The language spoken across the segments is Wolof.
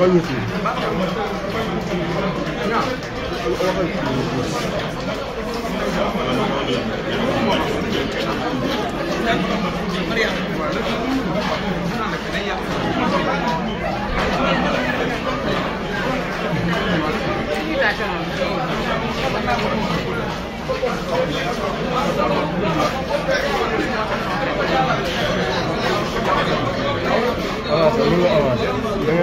wàññiku Ah, ça nous avance. All right,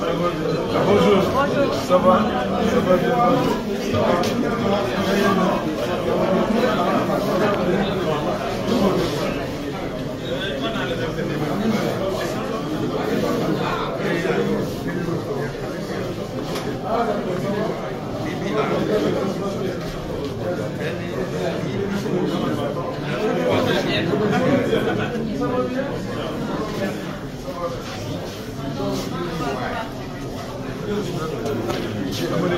Bonjour. Bonjour. Ça va Ça va bien Ça va Ça va bien C'est quoi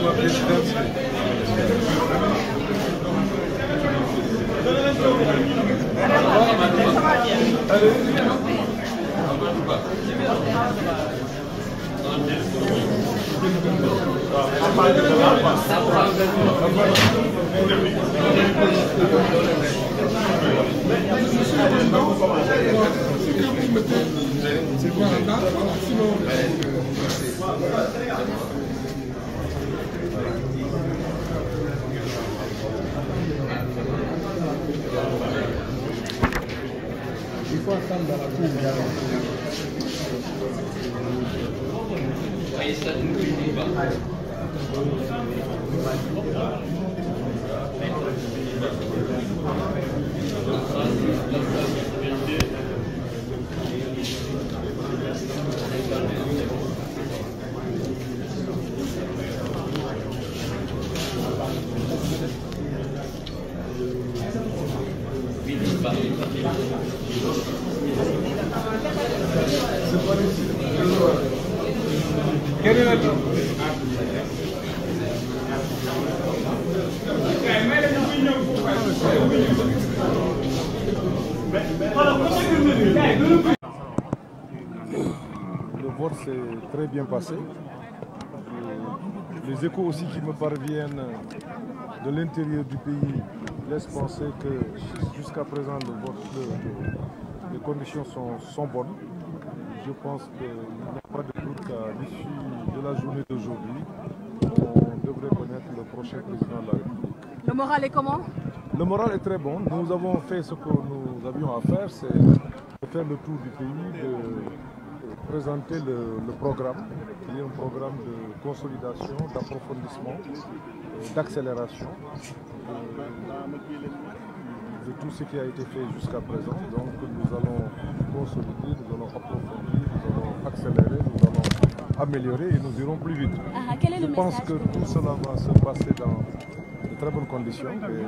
là Voilà, sinon. Il faut attendre la coupe. Le vote s'est très bien passé. Les échos aussi qui me parviennent de l'intérieur du pays laissent penser que jusqu'à présent le vote, les conditions sont bonnes. je pense qu'il n'y a pas de doute qu'à l'issue de la journée d'aujourd'hui, on devrait connaître le prochain président de la République. Le moral est comment? Le moral est très bon. Nous avons fait ce que nous avions à faire, c'est de faire le tour du pays, de présenter le, programme, de consolidation, d'approfondissement, euh, d'accélération euh, de tout ce qui a été fait jusqu'à présent. Donc nous allons améliorée et nous irons plus vite. Ah, ah quel est Je le pense que tout cela va se passer dans de très bonnes conditions et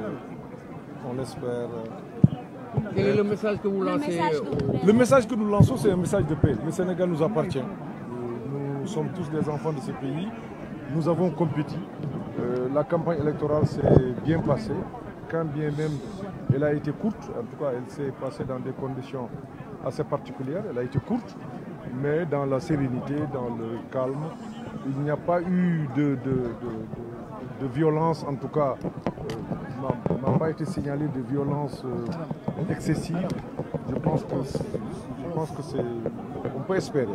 on l'espère. Euh, quel est le message que vous lancez Le message, euh, vous... le message que nous lançons, c'est un message de paix. Le Sénégal nous appartient. Euh, nous sommes tous des enfants de ce pays. Nous avons compétit. Euh, la campagne électorale s'est bien passée. Quand bien même elle a été courte, en tout cas elle s'est passée dans des conditions assez particulières, elle a été courte. mais dans la sérénité, dans le calme. Il n'y a pas eu de, de, de, de, violence, en tout cas, euh, n'a pas été signalé de violence euh, excessive. Je pense que, je pense que c'est, on peut espérer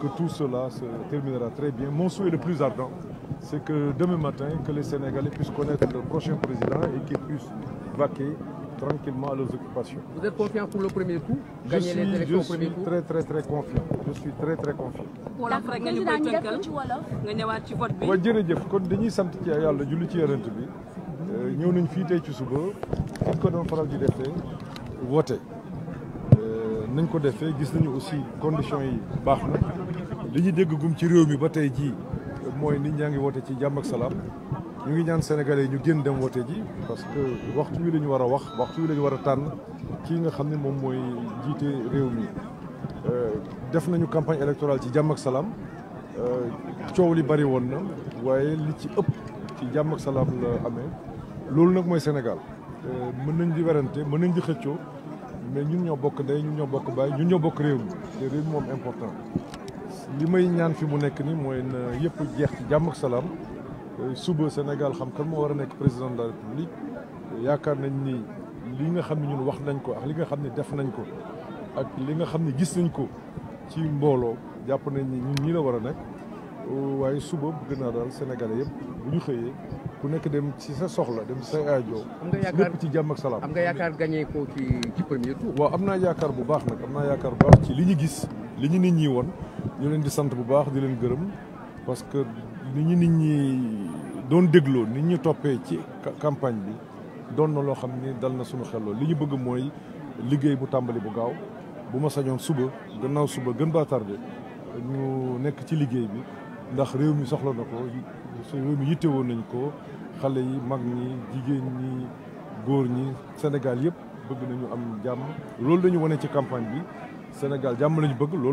que tout cela se terminera très bien. Mon souhait le plus ardent, c'est que demain matin, que les Sénégalais puissent connaître le prochain président et qu'ils puissent vaquer tranquillement leurs occupations. Vous êtes confiant pour le premier tour gagner très très très confiant je suis très très confiant. wolof rek nga ñu koy ci vote bi. waaw kon dañuy sant ci yàlla julli ci yonent bi euh, ñëw nañ fii tey ci suba fi ko doon faral di defee woote euh, nañ ko defee gis nañu aussi conditions yi baax na li ñu dégg ci réew mi ba tey jii mooy nit ñaa ngi woote ci jàmm ak salaam. ñu ngi ñaan sénégalais ñu génn dem wote parce que waxtu wi la ñu war a wax waxtu wi la war a tànn ci nga xam ne moom mooy jiite réew mi euh, def nañu campagne électorale ci jàmm ak salaam euh, coow li bari woon na waaye li ci ëpp ci jàmm ak salaam la amee loolu nag mooy Sénégal euh, mën nañ ji werante mën nañ di xëccoo mais ñun ñoo bokk ndey ñun ñoo bokk baay ñun ñoo bokk réew mi te réew mi moom important li may ñaan fi mu nekk ni mooy na yëpp jeex ci jàmm ak salaam Euh, suba Sénégal xam kan moo war a nekk président de la république yaakaar nañ ni li nga xam ne ñun wax nañ ko ak li nga xam ne def nañ ko ak li nga xam ne gis nañ ko ci mbooloo jàpp nañ ni ñun ñii la war a nekk euh, waaye suba bëgg naa daal Sénégalais yëpp bu ñu xëyee ku nekk dem ci sa soxla dem ci sa aajo. am nga yaakaar lépp ci jàmm ak salaam. am ko ci ci waaw am naa yaakaar bu baax nag am naa yaakaar bu baax ci li ñu gis li ñu nit ñi woon ñu leen di sant bu baax di leen gërëm. parce que li ñu nit ñi doon dégloo nit ñu toppee ci campagne bi doon na loo xam ni dal na suñu xelloo li ñu bëgg mooy liggéey bu tàmbali bu gaaw bu ma sañoon suba gannaaw suba gën baa tardé ñu nekk ci liggéey bi ndax réew mi soxla na ko réew mi yitte woon nañ ko xale yi mag ñi jigéen ñi góor ñi Sénégal yëpp bëgg nañu am jàmm loolu dañu wane ci campagne bi Sénégal jàmm lañu bëgg loolu